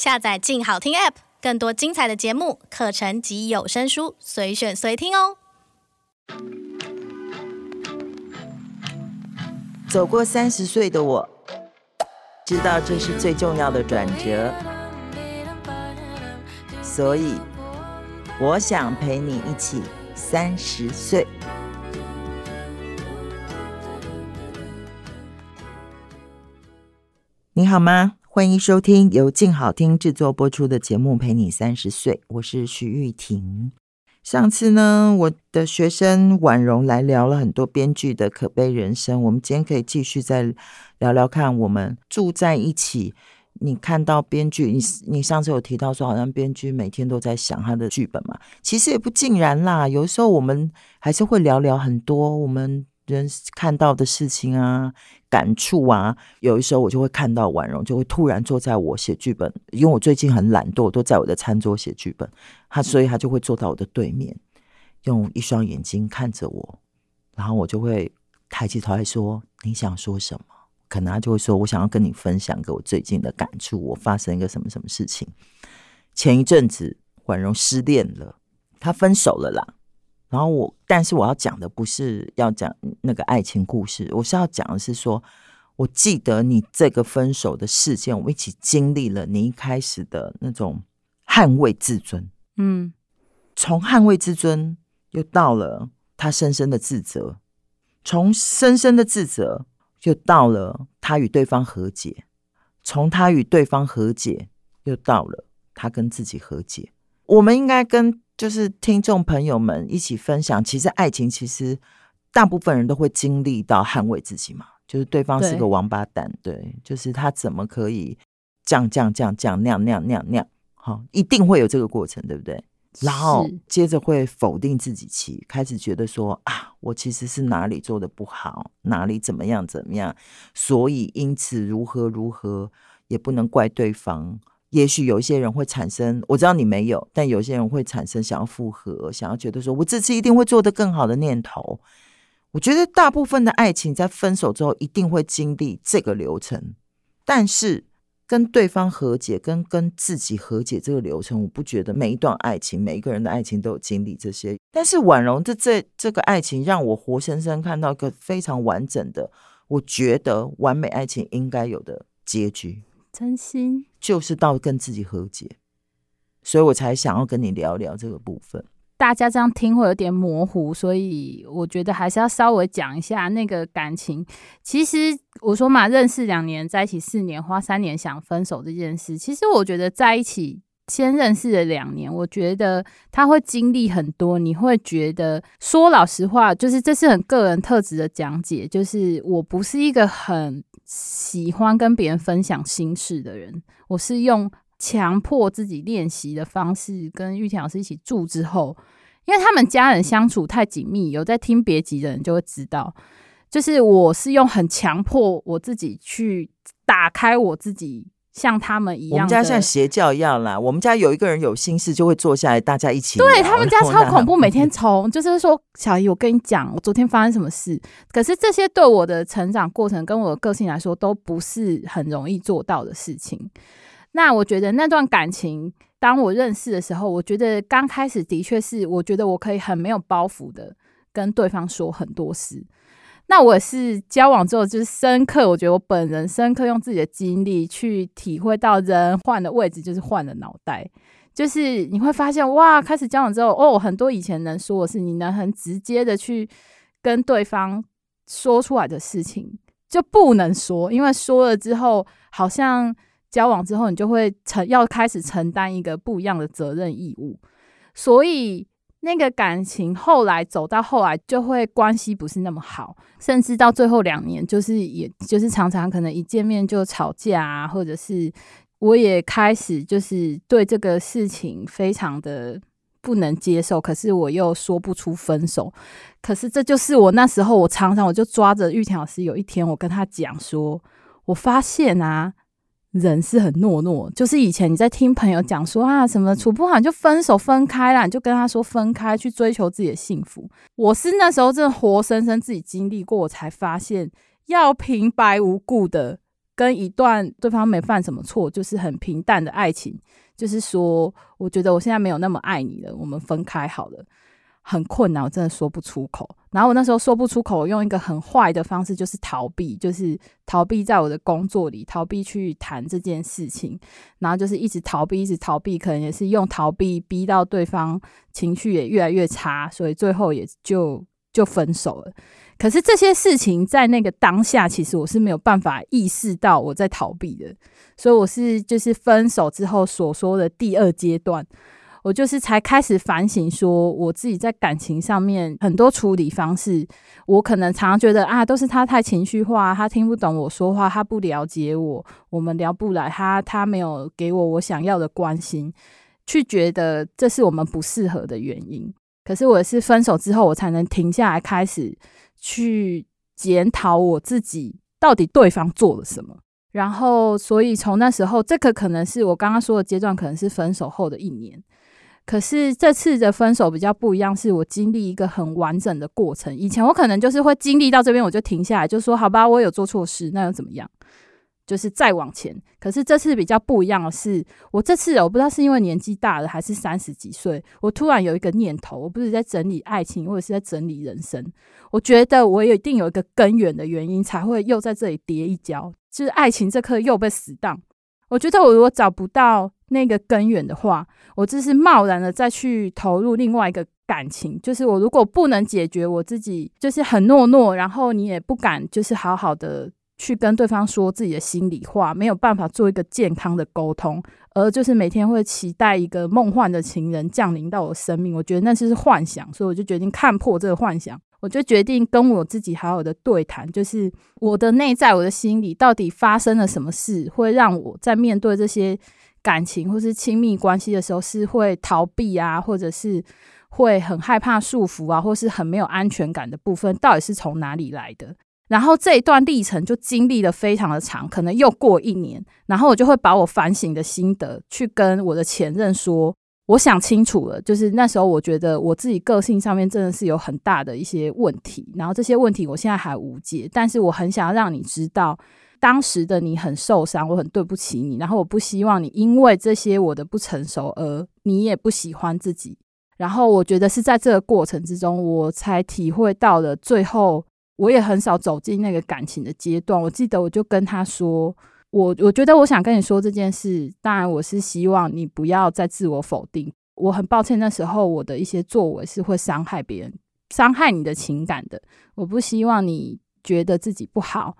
下載“鏡好聽 ”App，更多精彩的節目、課程及有聲書，隨選隨聽哦。走過三十歲的我，知道這是最重要的轉折，所以我想陪你一起三十歲。你好嗎？歡迎收聽由靜好聽制作播出的節目《陪你三十歲》，我是徐譽庭。上次呢，我的學生婉榕來聊了很多編劇的可悲人生。我們今天可以繼續再聊聊看，我們住在一起，你看到編劇，你你上次有提到說，好像編劇每天都在想他的劇本嘛？其實也不盡然啦，有時候我們還是會聊聊很多我們。人看到的事情啊，感觸啊，有的時候我就會看到婉榕，就會突然坐在我寫劇本，因為我最近很懶惰，都在我的餐桌寫劇本。他，所以他就會坐到我的對面，用一雙眼睛看着我，然後我就會抬起頭來說：“你想說什麼？”可能他就會說：“我想要跟你分享，給我最近的感觸，我發生一個什麼什麼事情。”前一陣子婉榕失戀了，他分手了啦。然後我，但是我要講的不是要講那個愛情故事，我是要講的是說，我記得你這個分手的事件，我們一起經歷了你一開始的那種捍衛自尊，嗯，從捍衛自尊又到了他深深的自責，從深深的自責又到了他與對方和解，從他與對方和解又到了他跟自己和解，我們應該跟。就是聽眾朋友們一起分享，其實愛情其實大部分人都會經歷到捍衛自己嘛，就是對方是個王八蛋，對，對就是他怎麼可以這樣這樣這樣那樣那樣那樣那樣，好，一定會有這個過程，對不對？然後接着會否定自己起，起開始覺得說啊，我其實是哪裡做的不好，哪裡怎麼樣怎麼樣，所以因此如何如何也不能怪對方。嗯也許有一些人會產生，我知道你沒有，但有些人會產生想要復合、想要覺得說我這次一定會做得更好的念頭。我覺得大部分的愛情在分手之後一定會經歷這個流程，但是跟對方和解、跟跟自己和解這個流程，我不覺得每一段愛情、每一個人的愛情都有經歷這些。但是婉榕的這這個愛情，讓我活生生看到一個非常完整的，我覺得完美愛情應該有的結局。真心就是到跟自己和解，所以我才想要跟你聊聊這個部分。大家這樣聽會有點模糊，所以我覺得還是要稍微講一下那個感情。其實我說嘛，認識兩年，在一起四年，花三年想分手這件事，其實我覺得在一起。先認識了兩年，我覺得他會經歷很多。你會覺得說老實話，就是這是很個人特質的講解。就是我不是一個很喜歡跟別人分享心事的人，我是用強迫自己練習的方式，跟譽庭老師一起住之後，因為他們家人相處太緊密，有在聽別集的人就會知道，就是我是用很強迫我自己去打開我自己。像他們一樣，我們家像邪教一樣啦。我們家有一個人有心事就會坐下來，大家一起聊。對，他們家超恐怖。每天從就是說，小姨，我跟你講，我昨天發生什麼事。可是這些對我的成長過程跟我的個性來說，都不是很容易做到的事情。那我覺得那段感情，當我認識的時候，我覺得剛開始的確是，我覺得我可以很沒有包袱的跟對方說很多事。那我是交往之後就是深刻，我覺得我本人深刻用自己的經歷去體會到，人換的位置就是換了腦袋，就是你會發現哇，開始交往之後哦，很多以前能說的事，你能很直接的去跟對方說出來的事情就不能說，因為說了之後，好像交往之後你就會承要開始承擔一個不一樣的責任義務，所以。那個感情後來走到後來就會關係不是那麼好，甚至到最後兩年，就是也就是常常可能一見面就吵架啊，或者是我也開始就是對這個事情非常的不能接受，可是我又說不出分手，可是這就是我那時候，我常常我就抓着譽庭老師，有一天我跟他講說，我發現啊。人是很懦弱，就是以前你在聽朋友講說啊，什麼處不好就分手分開啦，你就跟他說分開，去追求自己的幸福。我是那時候真的活生生自己經歷過，我才發現，要平白無故的跟一段對方沒犯什麼錯，就是很平淡的愛情，就是說，我覺得我現在沒有那麼愛你了，我們分開好了。很困難，我真的說不出口。然後我那時候說不出口，我用一個很壞的方式，就是逃避，就是逃避在我的工作裡，逃避去談這件事情。然後就是一直逃避，一直逃避，可能也是用逃避逼，逼到對方情緒也越來越差，所以最後也就就分手了。可是這些事情在那個當下，其實我是沒有辦法意識到我在逃避的，所以我是就是分手之後所說的第二階段。我就是才開始反省，說我自己在感情上面很多處理方式，我可能常常覺得啊，都是他太情緒化，他聽不懂我說話，他不了解我，我們聊不來，他他沒有給我我想要的關心，去覺得這是我們不適合的原因。可是我也是分手之後，我才能停下來，開始去檢討我自己到底對方做了什麼，然後所以從那時候，這個可能是我剛剛說的階段，可能是分手後的一年。可是這次的分手比較不一樣，是我經歷一個很完整的過程。以前我可能就是會經歷到這邊我就停下來，就說好吧，我有做錯事，那又怎麼樣？就是再往前。可是這次比較不一樣的是，我這次我不知道是因為年紀大了還是三十幾歲，我突然有一個念頭，我不是在整理愛情，或者是在整理人生。我覺得我一定有一個根源的原因，才會又在這裡跌一跤，就是愛情這科又被死當。我覺得我如果找不到那個根源的話，我就是貿然的再去投入另外一個感情。就是我如果不能解決我自己，就是很懦弱，然後你也不敢，就是好好的去跟對方說自己的心裡話，沒有辦法做一個健康的溝通，而就是每天會期待一個夢幻的情人降臨到我生命。我覺得那就是幻想，所以我就決定看破這個幻想。我就決定跟我自己好好的對談，就是我的內在，我的心裡到底發生了什麼事，會讓我在面對這些感情或是親密關係的時候，是會逃避啊，或者是會很害怕束縛啊，或是很沒有安全感的部分，到底是從哪裡來的？然後這一段歷程就經歷了非常的長，可能又過一年，然後我就會把我反省的心得去跟我的前任說。我想清楚了，就是那時候，我覺得我自己個性上面真的是有很大的一些問題，然後這些問題我現在還無解，但是我很想要讓你知道，當時的你很受傷，我很對不起你，然後我不希望你因為這些我的不成熟而你也不喜歡自己，然後我覺得是在這個過程之中，我才體會到了，最後我也很少走進那個感情的階段，我記得我就跟他說。我我覺得我想跟你說這件事，當然我是希望你不要再自我否定。我很抱歉，那時候我的一些作為是會傷害別人、傷害你的情感的。我不希望你覺得自己不好，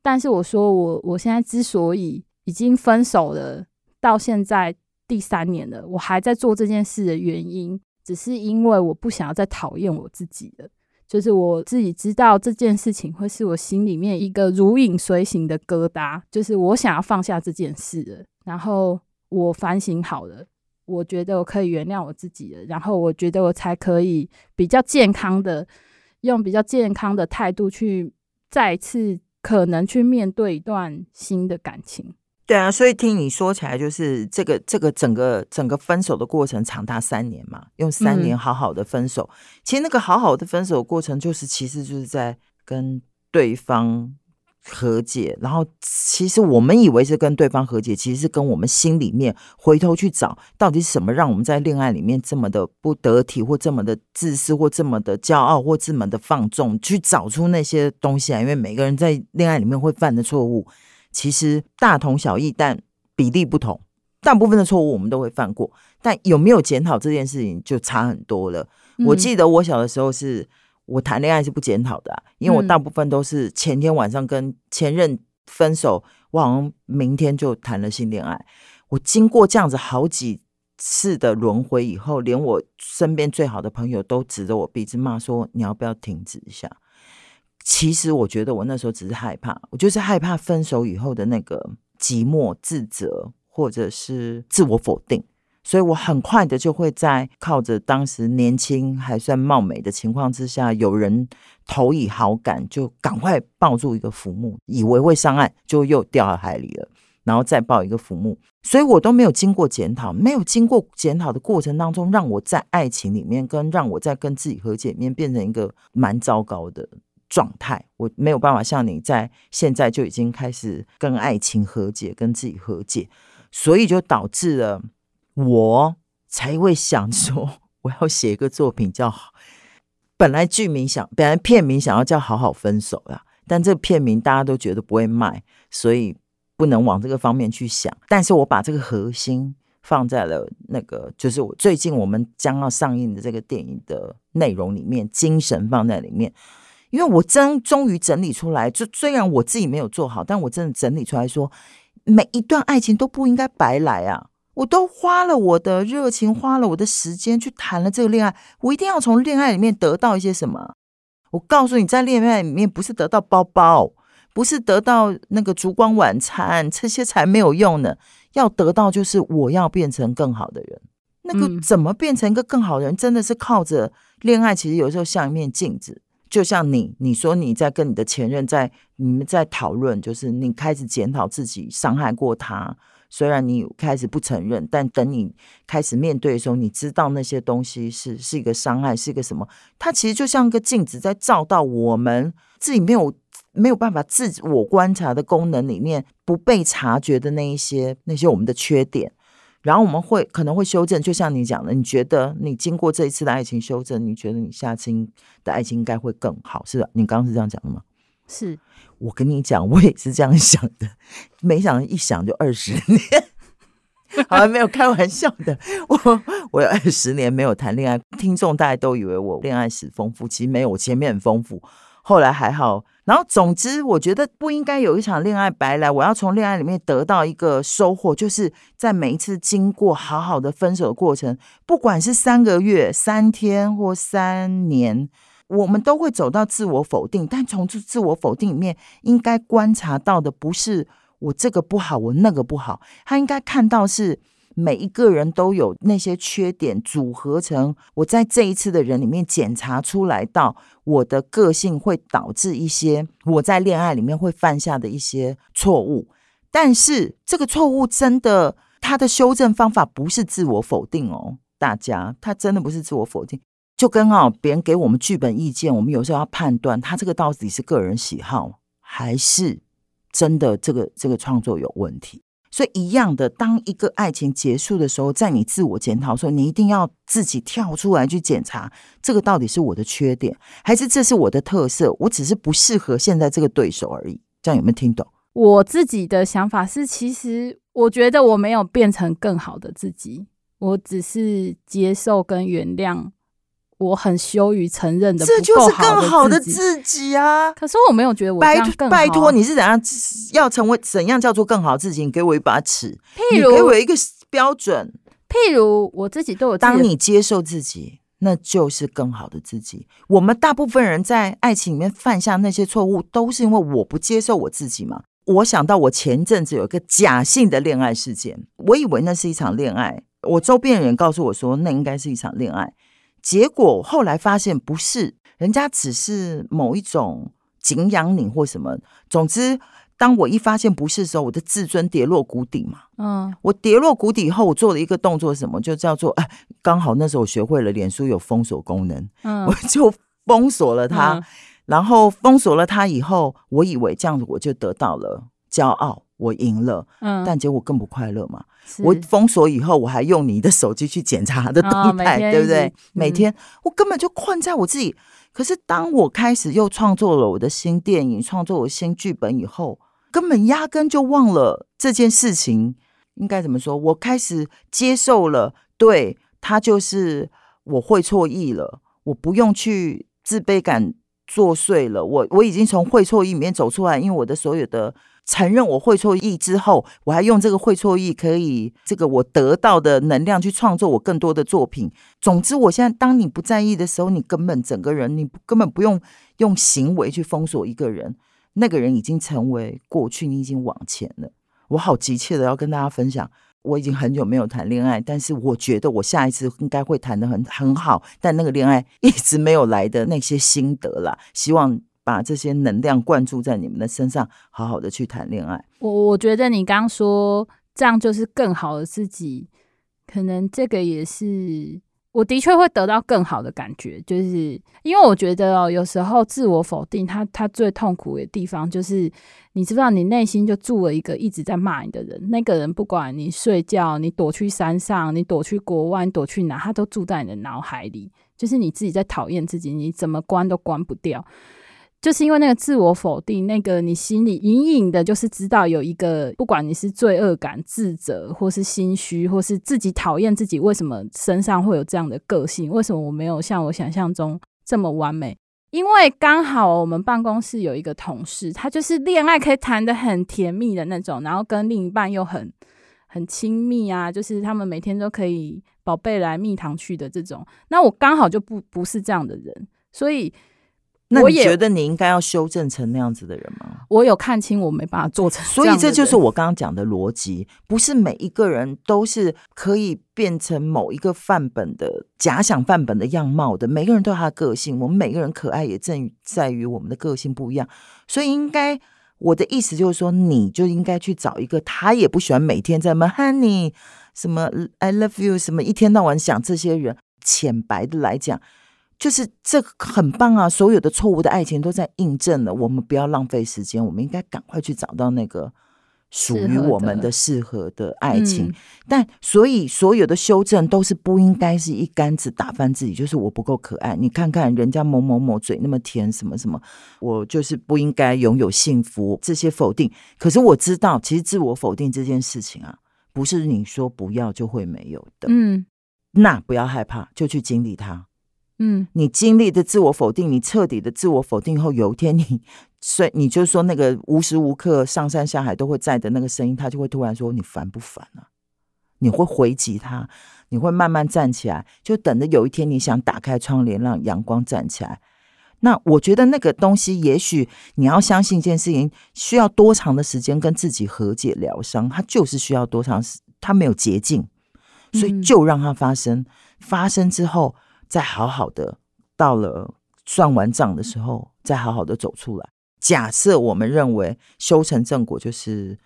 但是我說我我現在之所以已經分手了，到現在第三年了，我還在做這件事的原因，只是因為我不想要再討厭我自己了。就是我自己知道這件事情會是我心裡面一個如影隨形的疙瘩，就是我想要放下這件事了，然後我反省好了，我覺得我可以原諒我自己了，然後我覺得我才可以比較健康的，用比較健康的態度去再次可能去面對一段新的感情。對啊，所以聽你說起來，就是這個這個整個整個分手的過程長達三年嘛，用三年好好的分手。嗯、其實那個好好的分手的過程，就是其實就是在跟對方和解。然後其實我們以為是跟對方和解，其實是跟我們心裡面回頭去找，到底什麼讓我們在戀愛裡面這麼的不得體，或這麼的自私，或這麼的驕傲，或這麼的放縱，去找出那些東西來。因為每個人在戀愛裡面會犯的錯誤。其實大同小異，但比例不同。大部分的錯誤我們都會犯過，但有沒有檢討這件事情就差很多了。嗯、我記得我小的時候是，我談戀愛是不檢討的、啊，因為我大部分都是前天晚上跟前任分手，我好像明天就談了新戀愛。我經過這樣子好幾次的輪回以後，連我身邊最好的朋友都指着我鼻子罵說：“你要不要停止一下？”其實我覺得我那時候只是害怕，我就是害怕分手以後的那個寂寞、自責，或者是自我否定，所以我很快的就會在靠着當時年輕還算貌美的情況之下，有人投以好感，就趕快抱住一個浮木，以為會上岸，就又掉到海裡了，然後再抱一個浮木，所以我都沒有經過檢討，沒有經過檢討的過程當中，讓我在愛情裡面跟讓我在跟自己和解裡面變成一個蠻糟糕的。狀態，我沒有辦法像你在現在就已經開始跟愛情和解，跟自己和解，所以就導致了我才會想說我要寫一個作品叫好。本來劇名想，本來片名想要叫《好好分手》了，但這個片名大家都覺得不會賣，所以不能往這個方面去想。但是我把這個核心放在了那個，就是我最近我們將要上映的這個電影的內容裡面，精神放在裡面。因為我真終於整理出來，就雖然我自己沒有做好，但我真的整理出來說，每一段愛情都不應該白來啊！我都花了我的熱情，花了我的時間去談了這個戀愛，我一定要從戀愛裡面得到一些什麼。我告訴你，在戀愛裡面不是得到包包，不是得到那個燭光晚餐，這些才沒有用呢。要得到就是我要變成更好的人。那個怎麼變成一個更好的人，真的是靠着戀愛。其實有時候像一面鏡子。就像你，你說你在跟你的前任在，你們在討論，就是你開始檢討自己傷害過他，雖然你開始不承認，但等你開始面對的時候，你知道那些東西是是一個傷害，是一個什麼？它其實就像個鏡子，在照到我們自己沒有沒有辦法自我觀察的功能裡面，不被察覺的那一些，那些我們的缺點。然後我們會可能會修正，就像你講的，你覺得你經過這一次的愛情修正，你覺得你下次的愛情應該會更好，是的，你剛剛是這樣講的嗎？是，我跟你講，我也是這樣想的，沒想到一想就二十年，好像 沒有開玩笑的，我我有二十年沒有談戀愛，聽眾大家都以為我戀愛史豐富，其實沒有，我前面很豐富。後來還好，然後總之，我覺得不應該有一場戀愛白來。我要從戀愛裡面得到一個收穫，就是在每一次經過好好的分手的過程，不管是三個月、三天或三年，我們都會走到自我否定。但從自我否定裡面，應該觀察到的不是我這個不好，我那個不好，他應該看到是。每一個人都有那些缺點，組合成我在這一次的人裡面檢查出來到，我的個性會導致一些我在戀愛裡面會犯下的一些錯誤。但是這個錯誤真的，他的修正方法不是自我否定哦，大家，他真的不是自我否定。就跟哦別人給我們劇本意見，我們有時候要判斷他這個到底是個人喜好，還是真的這個這個創作有問題？所以一樣的，當一個愛情結束的時候，在你自我檢討的時候，你一定要自己跳出來去檢查，這個到底是我的缺點，還是這是我的特色？我只是不適合現在這個對手而已。這樣有沒有聽懂？我自己的想法是，其實我覺得我沒有變成更好的自己，我只是接受跟原諒。我很羞於承認的，的，這就是更好的自己啊！可是我沒有覺得我拜托，拜托，拜你是怎樣？要成為怎樣叫做更好自己？你給我一把尺，譬如，你給我一個標準。譬如我自己都有己。當你接受自己，那就是更好的自己。我們大部分人在愛情裡面犯下那些錯誤，都是因為我不接受我自己嘛。我想到我前陣子有一個假性的戀愛事件，我以為那是一場戀愛，我周邊的人告訴我說那應該是一場戀愛。結果後來發現不是，人家只是某一種景仰，你或什麼。總之，當我一發現不是的時候，我的自尊跌落谷底嘛。嗯，我跌落谷底以後，我做了一個動作，什麼就叫做哎，剛好那時候我學會了臉書有封鎖功能，嗯，我就封鎖了他，嗯。然後封鎖了他以後，我以為這樣子我就得到了驕傲。我贏了、嗯，但結果更不快樂嘛？我封鎖以後，我還用你的手機去檢查他的動態，哦、對不對？每天、嗯、我根本就困在我自己。可是當我開始又創作了我的新電影，創作我新劇本以後，根本壓根就忘了這件事情。應該怎麼說？我開始接受了，對他就是我會錯意了，我不用去自卑感作祟了。我我已經從會錯意裡面走出來，因為我的所有的。承認我會錯意之後，我還用這個會錯意可以，這個我得到的能量去創作我更多的作品。總之，我現在當你不在意的時候，你根本整個人，你根本不用用行為去封鎖一個人，那個人已經成為過去，你已經往前了。我好急切的要跟大家分享，我已經很久沒有談戀愛，但是我覺得我下一次應該會談得很很好。但那個戀愛一直沒有來的那些心得啦，希望。把這些能量灌注在你們的身上，好好的去談戀愛。我我覺得你剛說這樣就是更好的自己，可能這個也是我的確會得到更好的感覺，就是因為我覺得哦、喔，有時候自我否定他，他他最痛苦的地方就是，你知不知道，你內心就住了一個一直在罵你的人，那個人不管你睡覺，你躲去山上，你躲去國外，你躲去哪，他都住在你的腦海裡，就是你自己在討厭自己，你怎麼關都關不掉。就是因為那個自我否定，那個你心裡隱隱的，就是知道有一個，不管你是罪惡感、自責，或是心虛，或是自己討厭自己，為什麼身上會有這樣的個性？為什麼我沒有像我想象中這麼完美？因為剛好我們辦公室有一個同事，他就是戀愛可以談得很甜蜜的那種，然後跟另一半又很很親密啊，就是他們每天都可以寶貝來蜜糖去的這種。那我剛好就不不是這樣的人，所以。那你覺得你應該要修正成那樣子的人嗎？我，我有看清，我沒辦法做成。所以這就是我剛剛講的邏輯，不是每一個人都是可以變成某一個範本的假想範本的樣貌的。每個人都有他的個性，我們每個人可愛也正在於我們的個性不一樣。所以應該我的意思就是說，你就應該去找一個他也不喜歡每天在那 Honey 什麼 I love you 什麼一天到晚想這些人，淺白的來講。就是這很棒啊！所有的錯誤的愛情都在印證了，我們不要浪費時間，我們應該趕快去找到那個屬於我們的適合的愛情。嗯，但所以所有的修正都是不應該是一竿子打翻自己，就是我不夠可愛。你看看人家某某某嘴那麼甜，什麼什麼，我就是不應該擁有幸福。這些否定，可是我知道，其實自我否定這件事情啊，不是你說不要就會沒有的。嗯，那不要害怕，就去經歷它。嗯，你經歷的自我否定，你徹底的自我否定以後，有一天你，所以你就是說那個無時無刻上山下海都會在的那個聲音，他就會突然說，你煩不煩啊？你會回擊他，你會慢慢站起來，就等着有一天你想打開窗簾讓陽光站起來。那我覺得那個東西，也許你要相信一件事情，需要多長的時間跟自己和解療傷，它就是需要多長時，它沒有捷徑，所以就讓它發生，嗯、發生之後。再好好的，到了算完賬的時候，嗯，再好好的走出來。假設我們認為修成正果就是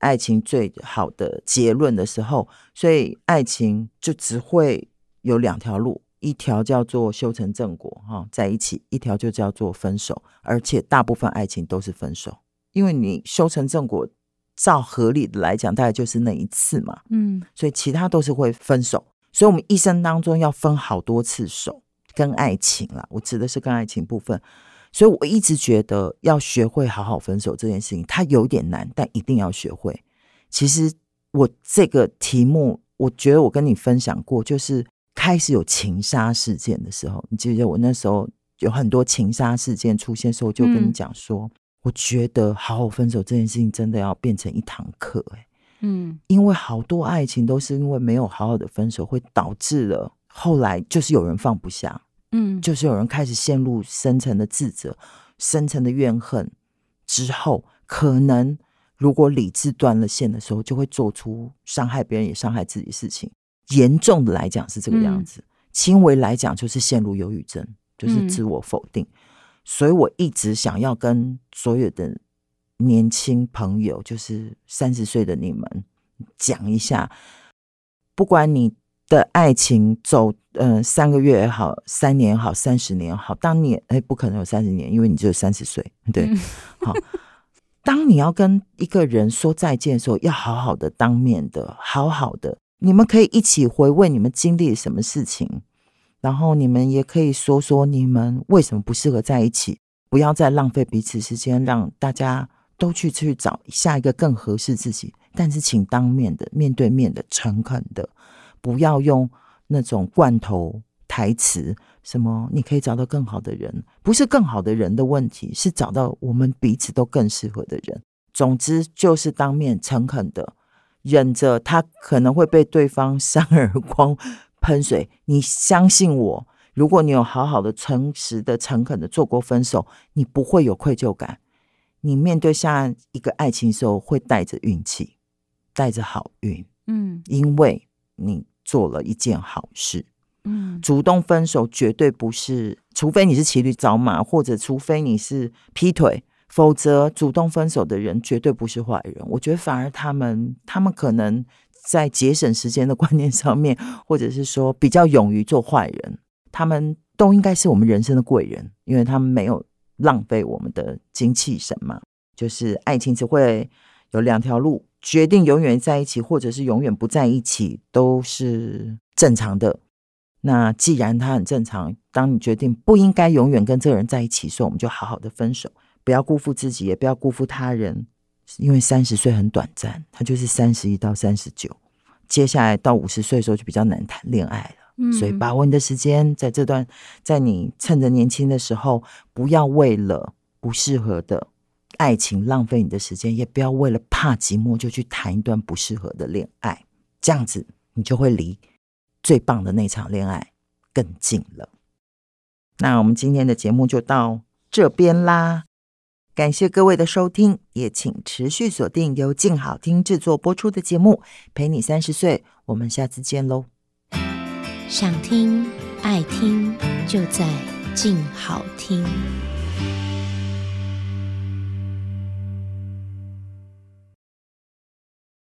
愛情最好的結論的時候，所以愛情就只會有兩條路：一條叫做修成正果，哈、哦，在一起；一條就叫做分手。而且大部分愛情都是分手，因為你修成正果，照合理的來講，大概就是那一次嘛。嗯，所以其他都是會分手。所以，我們一生當中要分好多次手，跟愛情啦，我指的是跟愛情部分。所以，我一直覺得要學會好好分手這件事情，它有點難，但一定要學會。其實，我這個題目，我覺得我跟你分享過，就是開始有情殺事件的時候，你記不記得，我那時候有很多情殺事件出現的時候，我就跟你講說、嗯，我覺得好好分手這件事情真的要變成一堂課、欸，嗯，因為好多愛情都是因為沒有好好的分手，會導致了後來就是有人放不下，嗯，就是有人開始陷入深層的自責、深層的怨恨之後，可能如果理智斷了線的時候，就會做出傷害別人也傷害自己的事情。嚴重的來講是這個樣子，嗯、輕微來講就是陷入憂鬱症，就是自我否定、嗯。所以我一直想要跟所有的。年輕朋友，就是三十歲的你們，講一下，不管你的愛情走嗯三個月也好，三年也好，三十年也好。當你哎、欸、不可能有三十年，因為你只有三十歲。對，好。當你要跟一個人說再見的時候，要好好的當面的，好好的。你們可以一起回味你們經歷什麼事情，然後你們也可以說說你們為什麼不適合在一起，不要再浪費彼此時間，讓大家。都去去找下一個更合適自己，但是請當面的、面對面的、誠懇的，不要用那種罐頭台詞。什麼？你可以找到更好的人，不是更好的人的問題，是找到我們彼此都更適合的人。總之，就是當面誠懇的，忍着他可能會被對方扇耳光、噴水。你相信我，如果你有好好的、誠實的、誠懇的做過分手，你不會有愧疚感。你面對下一個愛情的時候，會帶着運氣，帶着好運，嗯，因為你做了一件好事，嗯，主動分手絕對不是，除非你是騎驢找馬，或者除非你是劈腿，否則主動分手的人絕對不是壞人。我覺得反而他們，他們可能在節省時間的觀念上面，或者是說比較勇於做壞人，他們都應該是我們人生的貴人，因為他們沒有。浪費我們的精氣神嘛？就是愛情只會有兩條路：決定永遠在一起，或者是永遠不在一起，都是正常的。那既然它很正常，當你決定不應該永遠跟這個人在一起，所以我們就好好的分手，不要辜負自己，也不要辜負他人。因為三十歲很短暫，他就是三十一到三十九，接下來到五十歲的時候就比較難談戀愛了。所以把握你的時間，在這段，在你趁着年輕的時候，不要為了不適合的愛情浪費你的時間，也不要為了怕寂寞就去談一段不適合的戀愛。這樣子，你就會離最棒的那場戀愛更近了。那我們今天的節目就到這邊啦，感謝各位的收聽，也請持續鎖定由靜好聽制作播出的節目《陪你三十歲》，我們下次見嘍。想聽、愛聽，就在靜好聽。